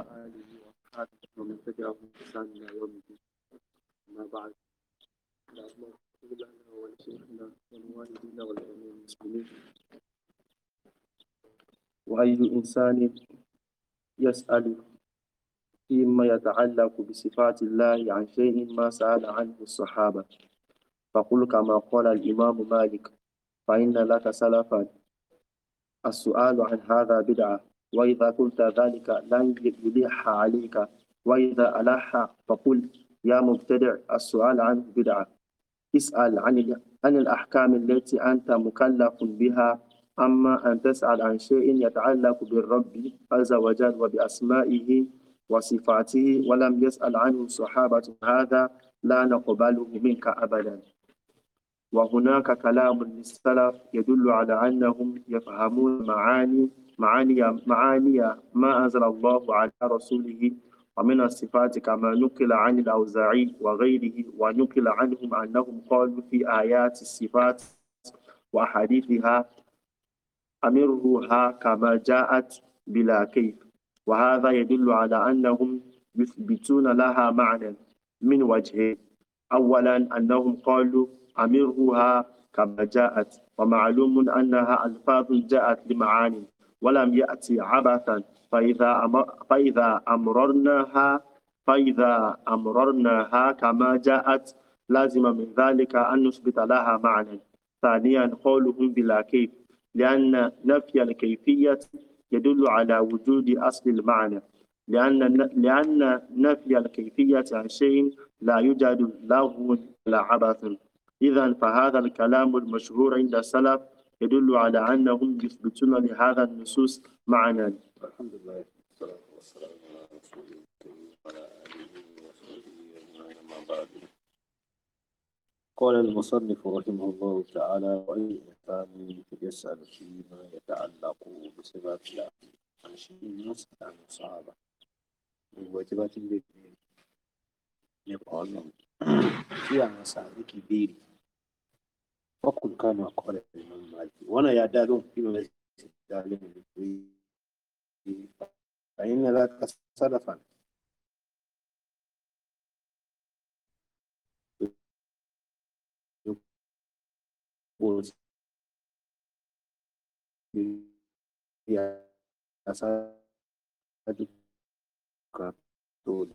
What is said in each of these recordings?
آله وأصحابه ومن تبعهم بإحسان إلى يوم الدين أما بعد اللهم اغفر لنا ولشيخنا ولوالدينا ولجميع المسلمين وأي إنسان يسأل فيما يتعلق بصفات الله عن شيء ما سأل عنه الصحابة فقل كما قال الإمام مالك فإن لك سلفا السؤال عن هذا بدعة وإذا قلت ذلك لن يلح عليك وإذا ألح فقل يا مبتدع السؤال عن بدعة اسأل عن عن الأحكام التي أنت مكلف بها أما أن تسأل عن شيء يتعلق بالرب عز وجل وبأسمائه وصفاته ولم يسأل عنه صحابة هذا لا نقبله منك أبدا وهناك كلام للسلف يدل على أنهم يفهمون معاني معاني معاني ما أنزل الله على رسوله ومن الصفات كما نقل عن الأوزاعي وغيره ونقل عنهم أنهم قالوا في آيات الصفات وأحاديثها أمرها كما جاءت بلا كيف وهذا يدل على أنهم يثبتون لها معنى من وجهين أولا أنهم قالوا أمرها كما جاءت ومعلوم أنها ألفاظ جاءت لمعاني ولم يأتي عبثا فإذا فإذا أمررناها فإذا أمررناها كما جاءت لازم من ذلك أن نثبت لها معنى ثانيا قولهم بلا كيف لأن نفي الكيفية يدل على وجود أصل المعنى لأن لأن نفي الكيفية عن شيء لا يوجد له ولا عبث إذا فهذا الكلام المشهور عند السلف يدل على أنهم يثبتون لهذا النصوص معنا الحمد لله والصلاة والسلام على رسول الله وعلى آله وصحبه أجمعين بعد قال المصنف رحمه الله تعالى وأي إنسان يسأل فيما يتعلق بصفات العقيدة عن شيء يسأل عن الصحابة من واجبات الذين يبقى لهم في عن صحابة كبير Wakul que qala Imam Malik wannan ya da zan fi mai dalilin fa inna la tasadafan was ya asa educador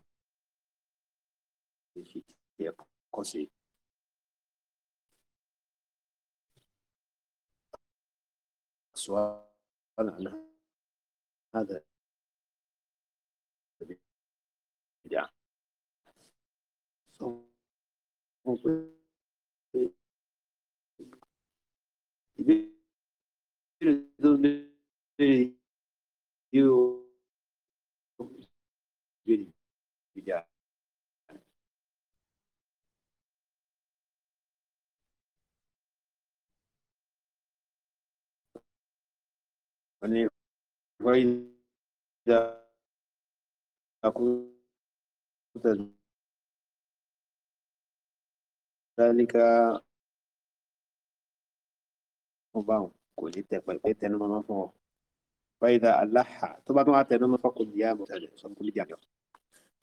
de Chico سؤال عن هذا البدعة you يعني وإذا كنت ذلك مباو كوليت كوليت أنا ما فوق فإذا ألح طبعا ما أتى أنا فقد يا مثلا صم كل جامع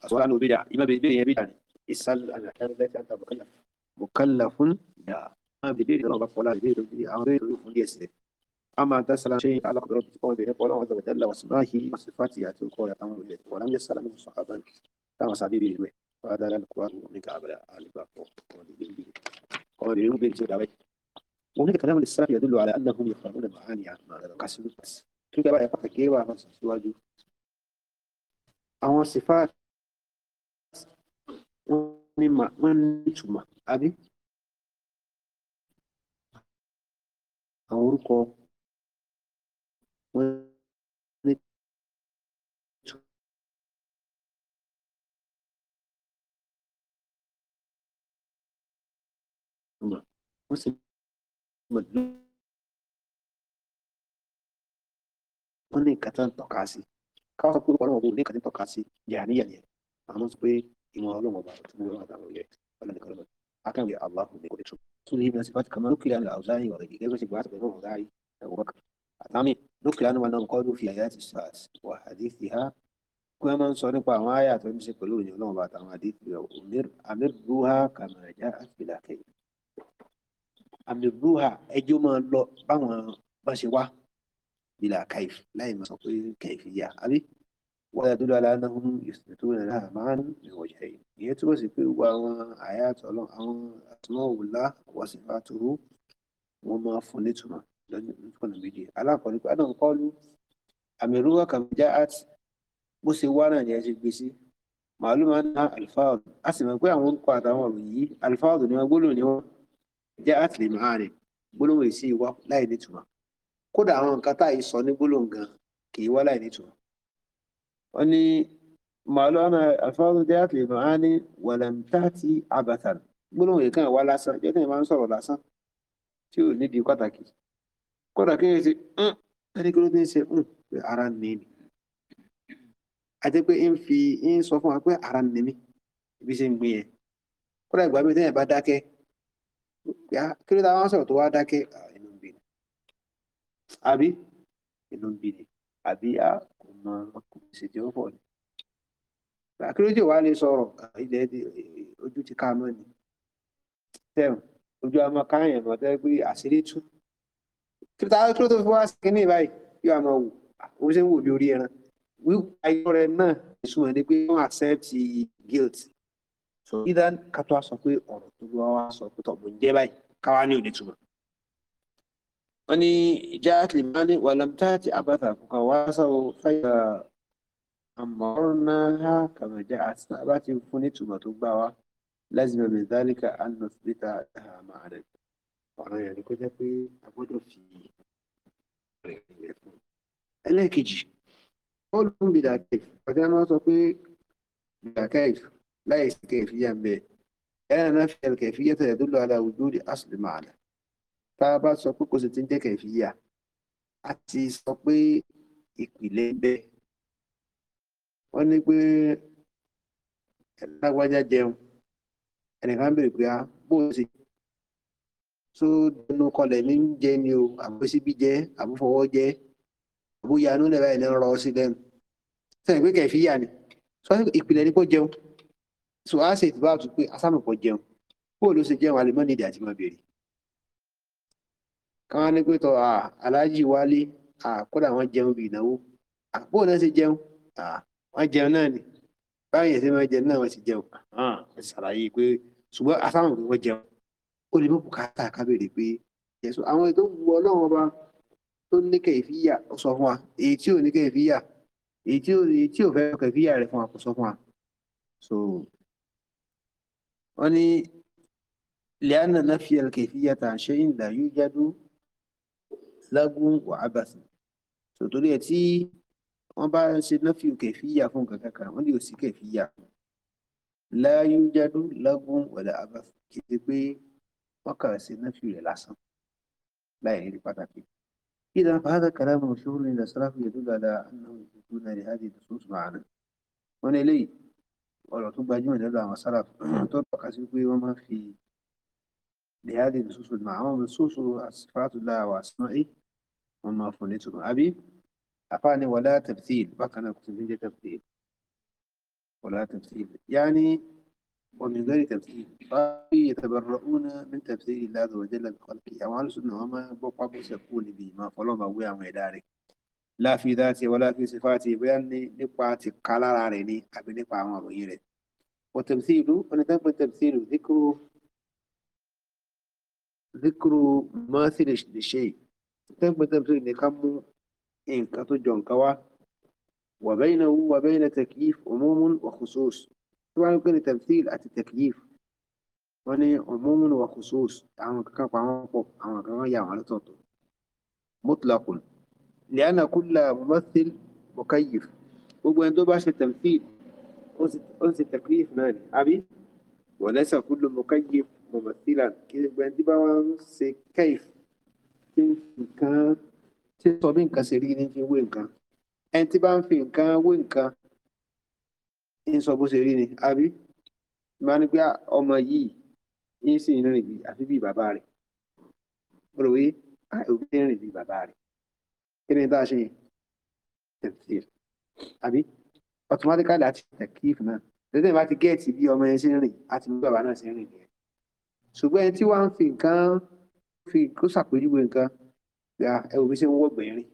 أصلا أنه بدع إما بدع بدع إسأل أن الحال التي أنت مكلف مكلف بدع ما بدع ولا بدع أمر يسير أما دسل شيء على قدرة قوله ولا عز وجل وأسمائه وصفاته يأتي القول يتمام الله ولم يسأل منه صحابا كما سعدي به المي فهذا لا القرآن ومنك عبر الباب قول يوم بنت دعوي وهناك كلام للسلف يدل على أنهم يفهمون معاني عن ما قسم بس كيف بقى يفكر كيف عن سواجه àwọn sífáàtì wọ́n ní ìtumọ̀ àbí àwọn orúkọ wanted to Muslim would wọ́n ní nǹkan tó ń tọ́ka sí káwọn sọ pé wọ́n lọ́wọ́ ní nǹkan tó ń tọ́ka sí jàníyà yẹn àwọn sọ pé ìmọ̀ ọlọ́wọ́ bá tó wọ́n àtàwọn yẹn wọ́n lọ́wọ́ lọ́wọ́ akan bai Allah ne ko da su ne na sifat kamar kila al-auza'i wa rigi gazo shi ba ta bai auza'i da Abu Bakar atami نقل عنهم أنهم قالوا في آيات الساعة وحديثها wọ́n máa ń sọ nípa àwọn àyà tó ń ṣe pẹ̀lú òyìn ọlọ́run bàtà àwọn àdìsí amírúhà kàmáyà àfìlàkẹ́ amírúhà ẹjọ́ máa lọ báwọn bá ṣe wá bìlà kàìf láì máa sọ pé kàìfì yà àbí wọ́n yàtọ̀ lọ́la náà ń ìṣètò rẹ̀ náà máa yìí ìyẹn túbọ̀ sí pé gbogbo àwọn àyà àtọ̀lọ́ àwọn àtúmọ̀ òwúlá wọ́n sì bá tó wọ́n máa fún nítumọ̀ lọ́nà méjì alákọ̀ọ́ni pé adam kọ́lu àmì rúwà kàmíjà at bó ṣe wá náà ni ẹ ṣe gbé sí màálùmá ná alifáàdù a sì mọ̀ pé àwọn orúkọ àtàwọn ọ̀rọ̀ yìí alifáàdù ni wọn gbólóhùn ni wọn jẹ́ àtìlè máa rìn gbólóhùn yìí sì wá láì nítumọ̀ kódà àwọn nǹkan tá à yìí sọ ní gbólóhùn gan kì í wá láì nítumọ̀ wọn ní màálùmá alifáàdù jẹ́ àtìlè máa ní wàlàǹtàtì àbàtàn gbólóhùn yìí kàn wá lásán jẹ́ kí n máa ń sọ̀rọ̀ lásán tí ò nídìí pàtàkì kódà kéèyàn ṣe ń ẹni kí ló ti ń ṣe ń pé ara ní mi àti pé ń fi ń sọ fún wa pé ara ní mi ibi ṣe ń gbé yẹn kódà ìgbà mi téèyàn bá dákẹ́ kí ló dáa wọn sọ̀rọ̀ tó wá dákẹ́ inú ń bí ni àbí inú ń bí ni àbí a kò mọ ọkùnrin ṣèjọ pọ̀ ni àkérèjì wa lè sọ̀rọ̀ ilẹ̀ ojú ti ká mọ́ ni tẹ̀wọ̀n ojú àmọ́ káyàn mọ́ tẹ́ pé àṣírí tún. kí ta kí ló tó fi wá sí kíní báyìí yóò àmọ́ wò ó ṣe ń wò bí orí ẹran wíwá ayọ̀ rẹ náà ìsúnmọ́ ni pé wọ́n accept guilt so either ká tó a sọ pé ọ̀rọ̀ tó wá wá sọ pé tọ̀gbọ̀n jẹ́ báyìí káwá ní òní túmọ̀. wọ́n ní ìjà àtìlẹ́mọ́lé wà lọ́mtá àbáta kọ̀ọ̀kan wá sọ̀rọ̀ fáyà àmọ́ránnáhà kàmá jẹ́ àti àbá ti fún tó gbá wa lẹ́sìn mẹ́mẹ́ dálíkà ànọ́sílítà àmà àdẹ̀kù ọ̀ràn yẹn ni kó jẹ́ pé a gbọ́dọ̀ fi rẹ̀ yẹ fún un. ẹlẹ́ẹ̀kejì paul ń bìdà kẹf ọjọ́ náà sọ pé bìdà kẹf láì sí kẹf yà ń bẹ ẹ̀rọ náà fi ẹ̀rọ kẹf yẹ tẹ̀lé tó lọ ara òjò di asùlù màálà tá a bá sọ pé kò sì ti ń jẹ́ kẹf yà a ti sọ pé ìpìlẹ̀ ń wọ́n ní pé ẹ̀rọ lágbájá jẹun ẹnìkan béèrè pé a ah, bó o ṣe so dẹnu kọlẹ̀ mi ń jẹ ni o àbúsíbí jẹ àbúfọwọ́ jẹ àbúyá inú lẹ́bàá ẹ̀ ní rọ sí lẹ́nu sẹ́yìn pé kẹ̀fí yà ni so ìpìlẹ̀ ní kó jẹun so a ṣe ìtìbá àtúntò pé asámùpọ̀ jẹun bó ló ṣe jẹun alimọ́ni ìdí àti máa bèrè káwọn ní pé tọ aláàjì wálé kódà wọn jẹun bí ìnáwó bó náà ṣe jẹun wọn jẹun náà ni báyìí ẹ̀sìn máa jẹun náà wọn ti jẹun wọn ti ṣàlàyé pé ṣùgbọ́n asámùpọ̀ jẹun ó lè mú bùkátà kábèrè pé ẹ̀sùn àwọn ètò wu ọlọ́run ọba tó ní kẹ̀fíyà sọ fún wa èyí tí ò ní kẹ̀fíyà èyí tí ò èyí tí ò fẹ́ kẹ̀fíyà rẹ̀ fún wa kò sọ fún wa so wọ́n ní lẹ́yìn náà fi kẹ̀fíyà tà ṣe ń là yóò jádú lágún wà ábàsì so torí ẹ̀ tí wọ́n bá ṣe náà fi kẹ̀fíyà fún kankan kan wọ́n ní ò sí kẹ̀fíyà láyé jádú lágún wà ábàsì kì í ṣe pé. وقع سيدنا في العصر لا يعني فيه إذا فهذا كلام مشهور عند السلف يدل على أنه يكون لهذه النصوص معنا وأنا لي والعتوبة أجمل هذا ما تطبق طرق وما في لهذه النصوص المعامة نصوص صفات الله وأسمائي وما فنيته أبي أفاني ولا تمثيل بقى أنا كنت تمثيل ولا تمثيل يعني ومن غير تمثيل يتبرؤون من تمثيل الله عز وجل بخلقه وعلى سنة وما بقى بسكون بما ما ويا ما ذلك لا في ذاته ولا في صفاته بأن نقوى تقالا عليني أبي نقوى ما بغيره وتمثيله ونتبع التمثيل ذكر ذكر ماثل لشيء تبقى التمثيل نكمل إن كتجون كوا وبينه وبين تكييف عموم وخصوص tó bá wípé ní tẹ̀síìl àti tẹ̀kìyìf wọ́n ní ọ̀mọ́mú wa khusus àwọn kankan pa wọ́n pọ̀ àwọn kan wọ́n yà wọ́n lọ́tọ̀ọ̀tọ̀ mutlaqun li'anna kulla mumathil mukayyif gbogbo ẹni tó bá ṣe tẹ̀síìl ó ṣe tẹ̀kìyìf náà ni àbí wa laysa kullu mukayyif mumathilan kí gbogbo ẹni tí bá wọ́n ṣe ṣe ń sọ bó ṣe rí ni àbí máa ní pé ah, ọmọ yìí ń sì ń rìn bí àfi bí bàbá rẹ̀ mo rò wí òbí ah, ń rìn bí bàbá rẹ̀ kí ni tá a ṣe tẹ̀síìr àbí automatically àti tẹ̀kíìf náà lẹ́tẹ̀ bá ti gẹ́ẹ̀tì bí ọmọ yẹn ṣe ń rìn àti bí bàbá náà ṣe ń rìn nìyẹn ṣùgbọ́n ẹni tí wàá ń fi nǹkan fi kó ṣàpèjúwe nǹkan gba ẹ òbí ṣe ń wọ́gbẹ̀ẹ́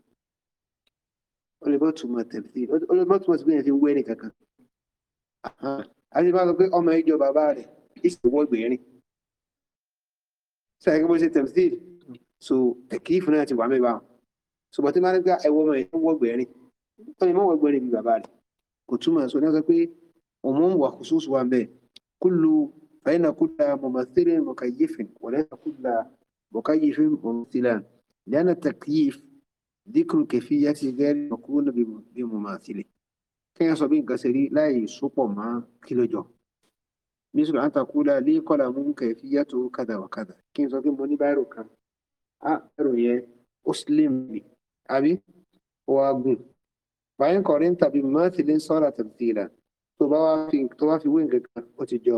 ó lè bọ́ túmọ̀ tẹ̀síìr ó lè bọ́ túmọ̀ sí pé yẹn fi ń wẹ́ nìkan àti bá sọ pé ọmọ ìjọ bàbá rẹ̀ ìṣòwò ìgbèrín sẹ́yìn bó ṣe tẹ̀sí so tẹ̀kí fún náà ti wà mẹ́wàá ṣùgbọ́n tí máa ń gbá ẹ̀wọ́ ọmọ ìjọ wọ́gbẹ̀rin wọ́n lè má wọ́gbẹ̀rin bí bàbá rẹ̀ kò túmọ̀ sọ ní wọ́n sọ pé ọmọ ń wà khusus wa bẹ́ẹ̀ kullu fa inna wa laysa kulla mukayyifin mumathilan li'anna at-takyif dhikru kayfiyyati ghayri kéèyàn sọ bí nǹkan ṣe rí láì sopọ̀ mọ́ kí ló jọ bí sùgbọ́n àtàkùlà lè kọ́là mú kẹ̀fí yàtọ̀ kàdà wà kàdà kí n sọ pé mo ní báírò kan á báírò yẹn ó slim mi àbí ó wá gùn báyìí kọrin tàbí mọ́tìlín sọ́ra tàbílà tó bá wá fi tó bá fi wé nǹkan kan ó ti jọ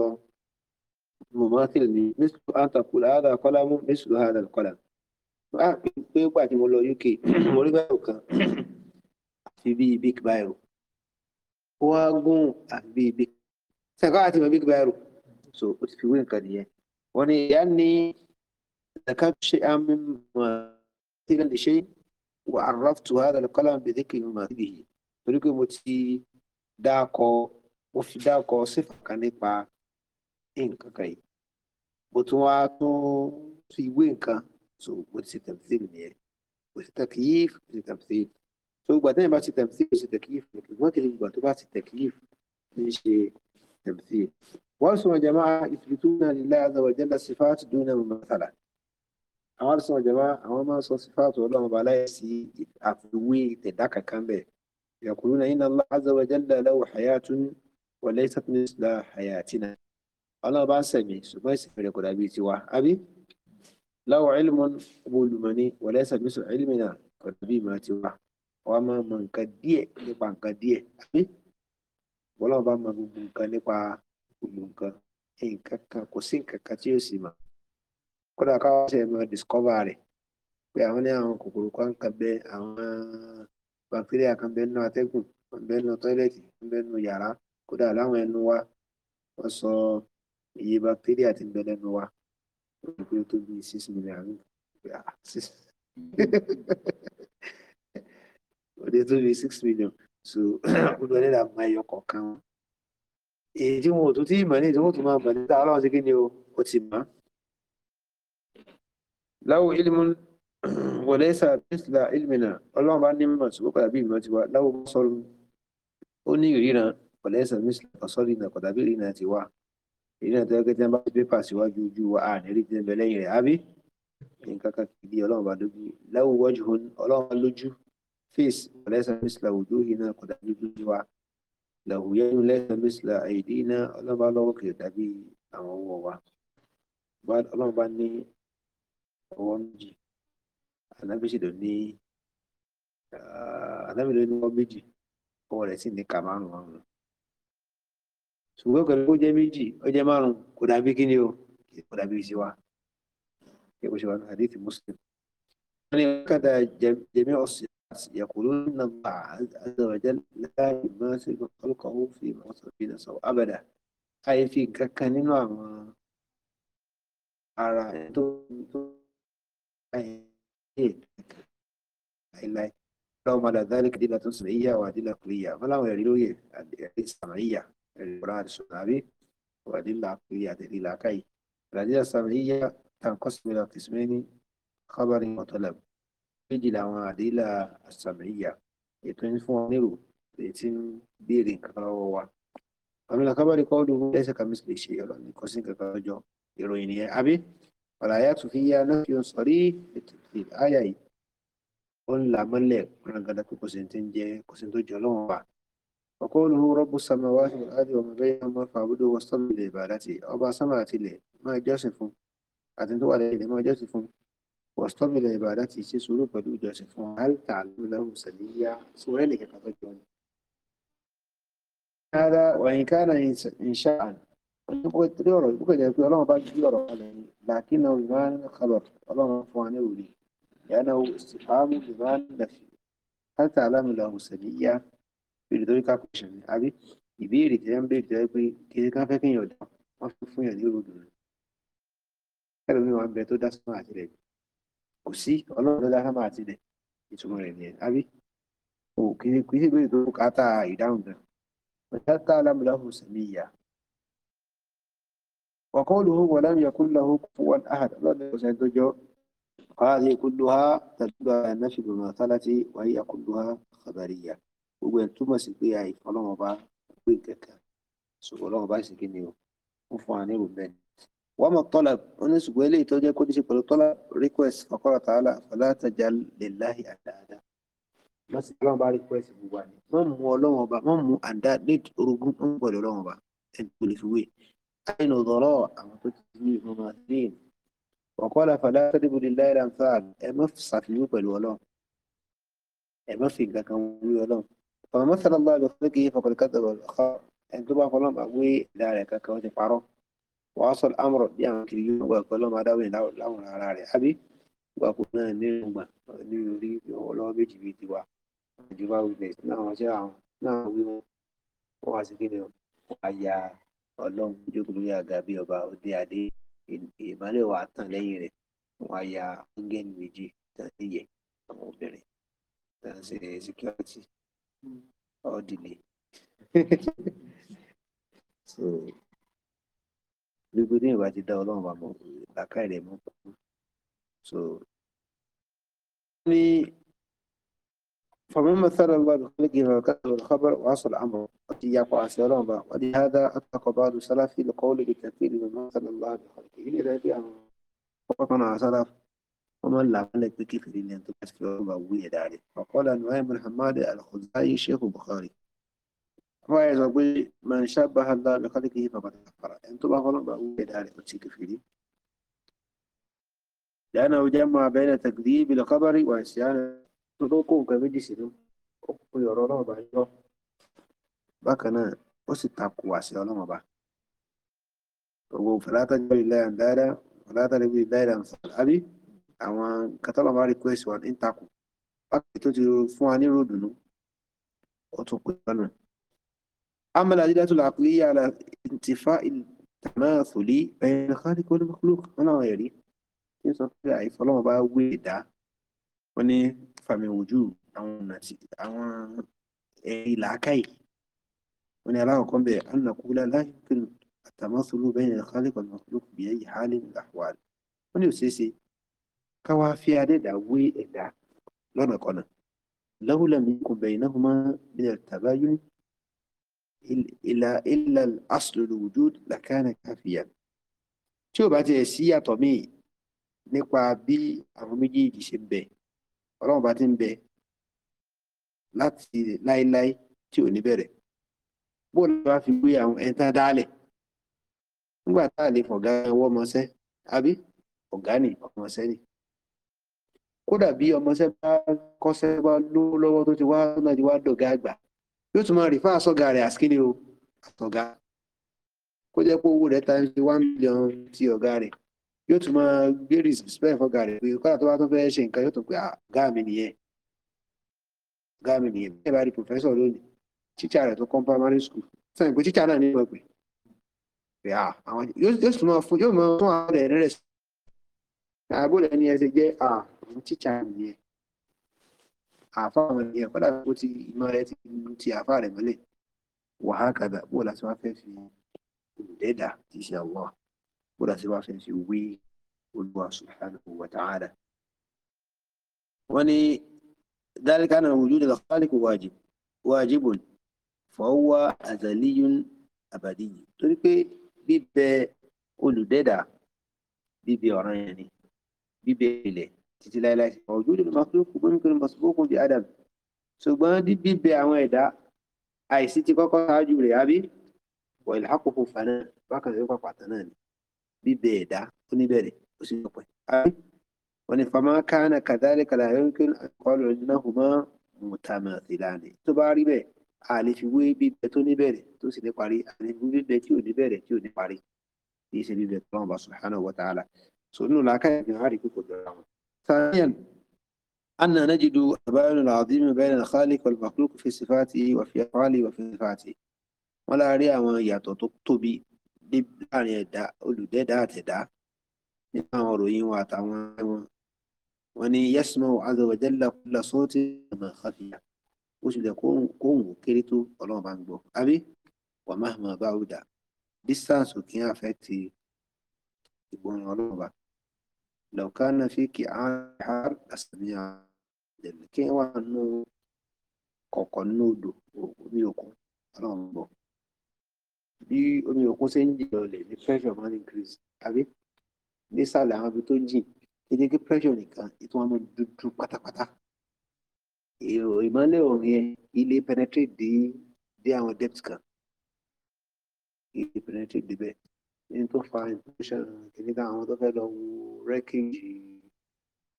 mọ̀mọ́tìlì ní mísìlú àtàkùlà àdà kọ́là mú mísìlú àdà kọ́là á pé gbà mo lọ UK mo rí báírò kan àti bíi big báírò wagon àgbègbè sẹ́kọ̀ àti mọ̀ big biro so o ti fi wé nǹkan nìyẹn wọ́n ní ìyá ní zaka ṣe àmì mọ̀ sí lẹ́nu ṣe wà àràfùtù hàdà lọ́kọ́lá ń bèèrè kí n mọ̀ síbi yìí torí pé mo ti dákọ̀ mo fi dákọ̀ sífà kan nípa nǹkan kan yìí mo tún wá tún fi wé nǹkan so mo ti ṣe tẹ̀síìlì nìyẹn mo ti tẹ̀kì yìí mo ti tẹ̀síìlì so ìgbà tẹ́yìn bá ṣe tẹ̀mísì kò ṣe tẹ̀kílìf ìgbọ́n kìí ìgbà tó bá ṣe tẹ̀kílìf ní ṣe tẹ̀mísì wọ́n sọ jama ìfìtúnà lílá àzàwọ̀jẹ́lá sífáàtì dúnà mọ́tàlá àwọn sọ jama àwọn máa sọ sífáàtì ọlọ́run bá láìsí àfiwé ìtẹ̀dá kankan bẹ́ẹ̀ yàkùnrin náà iná àzàwọ̀jẹ́lá lọ́wọ́ hayatun wọlé sátúnisílá hayatina ọlọ́run bá sẹ̀mí ṣùgbọ́n ìsìnkú rẹ̀ kò dàbí tiwa àbí lọ́wọ́ ilmun olùmọ̀ni wọlé sàmísọ̀ ilmina kò dàbí ìmọ̀ tiwa wọ́n máa mọ nǹkan díẹ̀ nípa nǹkan díẹ̀ àbí bọ́lá ọba mọ gbogbo nǹkan nípa gbogbo nǹkan nǹkan kan kò sí nǹkan kan tí yóò sì mọ̀ kódà káwọn ṣe mọ discover rẹ̀ pé àwọn ní àwọn kòkòrò kan kan bẹ àwọn bacteria kan bẹ nínú atẹ́gùn kan bẹ nínú tọ́ílẹ̀tì kan bẹ nínú yàrá kódà láwọn ẹnu wa wọ́n sọ iye bacteria ti bẹ lẹ́nu wa wọ́n ti pé ó six million ah, six. òde tó fi six million so gbogbo ẹni là máa yọ kọ̀ọ̀kan wọn. èyí tí wọn ò tún tí ì mọ̀ ní ìdánwò tó máa mọ̀ níta ọlọ́run ti kí ni o ti mọ̀. láwo ilmu wọlé sá bísílà ilmina ọlọ́run bá ní mọ̀ ṣùgbọ́n padà bí ìmọ̀ ti wá láwo bá sọ̀rọ̀ ó ní ìríran wọlé sá bísílà ọ̀sọ́rì náà padà bí ìríran ti wá ìríran tó yẹ kí tí wọ́n bá fi pépà síwájú ojú wa àná rí ti ń bẹ àbí nǹkan kan kì í bí ọlọ́run bá dójú láwo wọ́jú ọlọ́run lójú فيس وليس مثل وجوهنا kò dàbí ojú wa له يد ليس مثل أيدينا ọlọ́run bá lọ́wọ́ kì í dàbí àwọn ọwọ́ wa ọlọ́run bá ní ọwọ́ méjì anábísí ló ní anábísí ló ní ọwọ́ méjì ọwọ́ rẹ̀ sì ní kà márùn márùn ṣùgbọ́n pẹ̀lú kó jẹ́ méjì ó jẹ́ márùn kò dàbí kí ni o kò dàbí sí wa kí o ṣe wà ní hadith Muslim wọ́n ní ọ̀kadà jẹ̀mí ọ̀sìn يقولون ان الله عز وجل لا يماثل خلقه في مواصفه سوى ابدا اي في كان نوع ما على الا tó على ذلك أدلة سمعية وأدلة عقليه فلا يريدوا ادله سمعيه القرآن السمعي وأدلة عقليه دليل عقلي الأدلة السمعية تنقسم إلى قسمين خبر وطلب méjì làwọn àdílà àsàmìyà ètò ń fún ọ nírò ètí ń béèrè nǹkan lọ́wọ́ wa àmì làkàbàrí kọ́ ọdún lẹ́sẹ̀ kàmí sì lè ṣe ọ̀rọ̀ ní kọ́sí kankan lọ́jọ́ ìròyìn nìyẹn àbí ọ̀làyà tún fi yá náà fi ń sọ̀rí ètò àyà yìí ó ń là mọ́lẹ̀ rangada pé kò sí ti ń jẹ kò sí tó jọ lọ́wọ́n wa ọkọ olùhùn rọ́bù sàmáwá àti ọmọ bẹ́ẹ̀ ọmọ fàbúdó wọ́n sọ́ọ̀lù ìbàdàtì ọba sàmà àtìlẹ̀ máa jọ́sìn fún àti wà lẹ́yìn máa jọ́sìn fún واصطبر لعبادته ṣe sùúrù pẹ̀lú ìjọsìn fún wọn hal ta'lamu lahu samiyya sùúrù ẹnì kankan tó jọ ni. rárá wàyín kánà ìṣáàn onípòtí ọ̀rọ̀ ìbúkọ jẹ pé Ọlọ́run bá gbé ọ̀rọ̀ kalẹ̀ ni làákínà ìmáà ń kọlọ Ọlọ́run fún wa ní òrì ìyáná ìfàmù ìmáà ń dàfí hal ta'lamu lahu samiyya bèrè torí ká kọṣẹ ni àbí ìbéèrè tí wọn béèrè jẹ pé kí ni ká fẹ́ kéèyàn dá wọn fún yàn ní òròdùn rẹ ẹlòmíràn bẹ tó dá sínú àtìlẹ́yìn kò sí ọlọ́run ló dá sámà àti ilẹ̀ ìtumọ̀ rẹ̀ nìyẹn àbí o kì í kì í bèrè tó kàtà ìdáhùn gan ọjà tá alámúláhùn sẹ̀mí ìyá وقوله ولم يكن له كفوا أحد هذه كلها تدل على نفي المماثلة وهي كلها خبرية gbogbo ẹ̀ túmọ̀ sí pé àìfọ́ ọlọ́run gbé nǹkan ṣùgbọ́n ọlọ́run ọba sì kí ni وما الطلب ونسب إليه توجه كل شيء كل طلب request فقال تعالى فلا تجعل لله أندادا بس الله بارك request بواني ما مو با ما مو أنداد نيت رجوم أم بلو لهم با تقول سوي أين ضراء أما تجي مماثلين وقال فلا تجب لله الأمثال أما في صفيو بلو لهم أما في كم بلو لهم فمثل الله بخلقه فقد كذب الآخر أنتم بقولون أقوي ذلك كوتي فاروق wàásù amúrò bí àwọn kiri yóò gbà pé ọlọ́mọ adáwìn láwùrán ara rẹ̀ àbí gbà kó náà nínú gbà ní orí ọlọ́wọ́ méjì bíi tiwa ìjọba witness náà wọ́n ṣe àwọn náà wí wọn wọ́n wá sí kíni àyà ọlọ́run jókòó lórí àga bíi ọba òde àdé ìmọ̀lẹ̀ wà tàn lẹ́yìn rẹ̀ wọ́n àyà ọ̀ngẹ́ni méjì tàn níyẹ àwọn obìnrin tàn ṣe security ọ̀dìlẹ̀ gbogbo ní ìwà ti dá ọlọ́run wa mọ̀ làkà rẹ̀ mọ́ kú so. ní فمن مثل الله بخلقه وكتب الخبر وحصل الامر قد يقع سلام ولهذا اطلق بعض السلف القول بتكفير من مثل الله بخلقه الى ان وقنا سلف وما لا ملك بكفر ان تكفر وهو يدعي وقال نعيم بن حماد الخزاعي شيخ البخاري wọ́n yẹ sọ pé man shabbaha Allaha bi khalqihi faqad kafara ẹni tó bá kọ́ lọ́gbà wúwo ẹ̀dá rẹ̀ ó ti kèfèrí. ìyáná ó jẹ́ mọ́ abẹ́rẹ́ tẹ̀gídì bil khabari wà ìṣìyáná tó tó kó nǹkan méjì sínú ó kó ọ̀rọ̀ ọlọ́ọ̀bá yọ. bákan náà ó sì takò àṣẹ ọlọ́mọba. gbogbo fàlátà ilẹ̀ àndáadá fàlátà ilẹ̀ ànsáàbí àwọn katọ́lọ́mọ request wà ní takò. wákàtí tó ti fún wa أما الأدلة العقلية على انتفاء التماثل بين الخالق والمخلوق أنا غيري يصير في أي فلما بقى ويدا وني فمي وجود أو ناس أو أي لاكي وني راه كون بأن كولا لا يمكن التماثل بين الخالق والمخلوق بأي حال من الأحوال وني وسيسي كوافي عدد ويدا لا نقول له لم يكن بينهما من التباين إلا إلا الأصل الوجود لكان كافيا tí o bá ti ẹ̀ sí yàtọ̀ míì nípa bí àwọn méjèèjì ṣe ń bẹ ọlọ́run bá ti ń bẹ láti láéláé tí ò ní bẹ̀rẹ̀ bó ló bá fi gbé àwọn ẹ̀ńtán dálẹ̀ nígbà tá a lè fọ̀gá ọwọ́ ọmọọṣẹ́ àbí ọ̀gá ni ọmọọṣẹ́ ni kódà bí ọmọọṣẹ́ bá kọ́ṣẹ́ bá lówó lọ́wọ́ tó ti wá náà ti wá dọ̀gá àgbà yóò tún máa rí fáà sọ́gà rẹ̀ àsìkíní o àtọ̀gá kó jẹ́ pé owó rẹ̀ times one million ti ọ̀gá rẹ̀ yóò tún máa gbé respect fọ́gà rẹ̀ pé kọ́lá tó bá tó fẹ́ẹ́ ṣe nǹkan yóò tún pé ah, ọ̀gá mi nìyẹn ọ̀gá mi nìyẹn ẹ bá rí professor lónìí tíṣà rẹ̀ tó kọ́ primary school sẹ́yìn pé tíṣà náà ní ìwọ̀n pé pé ah, àwọn yóò tún máa fún yóò máa fún àwọn rẹ̀ rẹ̀ àbúrò ẹni ẹ ṣe jẹ́ ah, àwọn tíṣà nìyẹn àfa àwọn ènìyàn kọ́dà ó ti iná rẹ ti lu ti àfa rẹ̀ mọ́lẹ̀ wàhálà kàdà bó la ti wá fẹ́ fi ìdẹ́dà ti ṣe àwọn bó la ti wá fẹ́ fi wé olúwa subhanahu wa ta'ala. wọ́n ní dálíkà náà wùjú ní lọ́kàlíkù wájib fọwọ́ àzàlíyún àbàdíyì torí pé bíbẹ olùdẹ́dà bíbẹ ọ̀ràn yẹn ni bíbẹ ilẹ̀ títí láéláé ọ̀jọ́ ìdùnnú máa kúrò kú bómi kúrò mọ̀sùlùmí kún adam ṣùgbọ́n bíbẹ àwọn ẹ̀dá àìsí ti kọ́kọ́ ṣáájú rẹ̀ àbí wọ̀ ìlàkókò fàánà bákan sí pàpà tán náà ni bíbẹ ẹ̀dá ó níbẹ̀rẹ̀ ó sì lọ́pẹ́. wọ́n ní fama kánà kàdáàlì kàdà yọ̀ǹkìn àkọọ́lù ìnáhùnmá mùtàmàtìláni tó bá rí bẹ́ẹ̀ a lè fi wé bíbẹ tó níbẹ̀rẹ̀ tó sì ní parí a lè fi bíbẹ tí ò níbẹ̀rẹ̀ tí ò ní parí kì í ṣe bíbẹ tó lọ́wọ́ subhanahu wa ta'ala sọ nínú làákàyè ni wọ́n á rí pé ثانيا أن نجد البيان العظيم بين الخالق والمخلوق في صفاته وفي أفعاله وفي صفاته ولا أري أما يتطب تبي láàrin ẹ̀dá olùdẹ́dá àtẹ̀dá nínú àwọn òròyìn wa àtàwọn ẹ̀wọ̀n wọn ni yasma azza wa jalla kulla sọ́ọ̀tì ọ̀nà khafiya ó sì lè kóhùn kéré tó ọlọ́run bá ń gbọ́ àbí wa mahma ba'uda distance ò kí ń affect ìgbọràn ọlọ́run bá. لو كان في كعاب حار لسميع dẹ̀mí kí wà nù kọ̀ọ̀kọ̀ nínú odò omi òkun ọlọ́run bọ̀ bí omi òkun ṣe ń jìn lọlẹ̀ ní pressure máa ń increase àbí nísàlẹ̀ àwọn ibi tó jìn kété kí pressure nìkan ètò wọn máa penetrate dé dé àwọn depth kan ilé penetrate débẹ̀ ní tó fa inflation kìíní ká àwọn tó fẹ́ lọ wo wreckage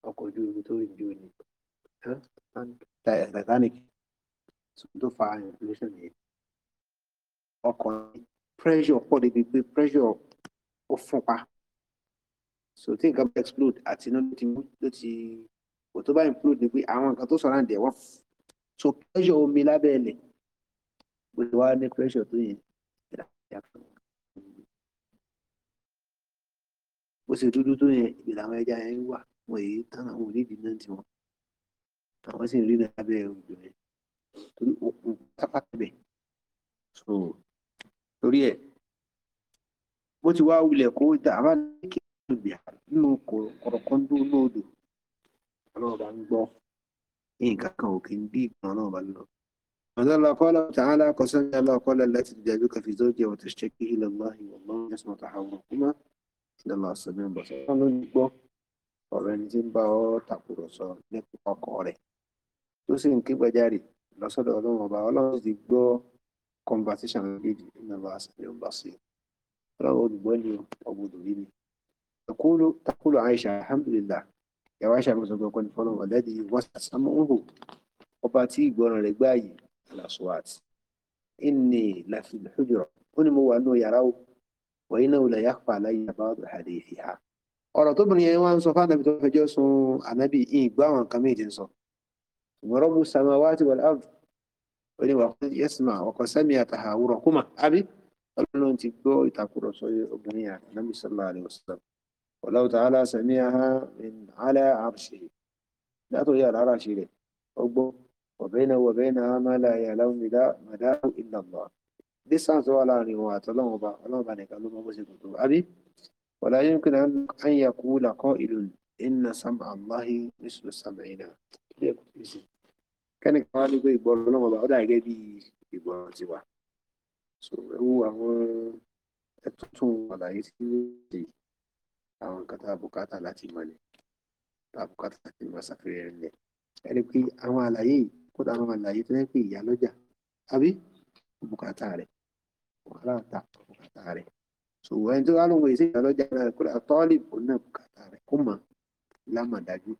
ọkọ̀ ojú omi tó ń jó ni Titanic tó fa inflation yẹn ọkọ̀ pressure pọ̀ débi pé pressure ó fún pa so tí nǹkan bá explode àti iná ló ti ló ti kò tó bá implode ni pé àwọn nǹkan tó sọ̀rọ̀ àǹdẹ̀ wọ́n so pressure omi lábẹ́ ẹ̀lẹ̀ gbogbo wa ní pressure tó yẹn ìdàgbàsókè. bó ṣe dúdú tó yẹn ìbí làwọn ẹja yẹn wà wọn èyí tán àwọn onídìí náà tiwọn àwọn sì ń rí náà lábẹ́ òjò yẹn torí òkú pátápátá bẹ̀ so torí ẹ̀ bó ti wá wulẹ̀ kó dà á máa ní kí n gbà nínú kọ̀rọ̀kọ́ńdó lóòdù ọlọ́run bá ń gbọ́ nǹkan kan ò kí ń bí ìgbọ̀n náà bá lọ. الله قال تعالى قسم الله قال التي تجادلك في زوجها وتشتكي إلى الله والله يسمع تحاوركما lọ́lọ́ sọ bí ń bọ̀ sọ́nà ló ń gbọ́ ọ̀rọ̀ ẹni tí ń bá ọ tàkùrọ̀sọ nípa ọkọ rẹ̀ tó sì ń ké gbàjarè lọ́sọ̀dọ̀ ọlọ́run ọba ọlọ́run ti gbọ́ conversation méjèèjì nínú ọba àṣàlẹ̀ ọba sí i ọlọ́run olùgbọ́ ni ọgbọ́dọ̀ rí ni. takulu aisha alhamdulillah ìyàwó aisha mi sọ pé ọkọ ní fọlọ́run ọ̀lẹ́dì wọ́n sàmúhù ọba tí ìgbọràn rẹ̀ gbáàyè alaswat inni lafi hujra ó ní mo wà nù yàrá òkú وإنه لا يخفى علي بعض حديثها ọ̀rọ̀ tó bìnrin yẹn wá ń sọ fánàbí tó fẹjọ́ sun ànábì yìí gbọ́ àwọn nǹkan méje ń sọ ṣùgbọ́n rọ́bù samawati wal ard ó ní wàkọ́ yẹ́sìmá ọkọ̀ sẹ́mi àtàhàwùrọ̀ kúmà àbí ọlọ́run ti gbọ́ ìtàkùrọ̀sọ obìnrin ànábì sallallahu alaihi wasallam wallahu ta'ala sami'aha min ala arshihi látòrí àlárà ṣe rẹ̀ ọgbọ́n wa bainahu wa bainaha ma la ya'lamu madahu illa Allah distance wà láàrin wọn àti ọlọ́run ọba ọlọ́run ọba nìkan ló mọ bó ṣe kò tó àbí wàlá yín kí náà ń yà kú làkọ́ ìlú iná sam aláhi nísìlú sam ẹ̀yìnà ilé ẹ̀kọ́ tó ṣe kẹ́ni kan wá ní pé ìgbọ́ ọlọ́run ọba ó dà gẹ́gẹ́ bí ìgbọ́ ti wà so ewu àwọn ẹtútù àlàyé tí ó ṣe àwọn nǹkan tá a bùkátà láti mọ ni tá a bùkátà láti mọ ṣàfihàn ẹ̀ ẹni pé àwọn àlàyé kódà àwọn àlàyé tó yẹ pé ìyá lọ́jà àbí bùkátà rẹ̀ wàhálà ta bùkátà rẹ̀ so ẹni tó wá lóhun èsì ìdálọ́jà rẹ̀ kó lọ́ọ́ tọ́lì kó náà bùkátà rẹ̀ kó mọ̀ lámàdájú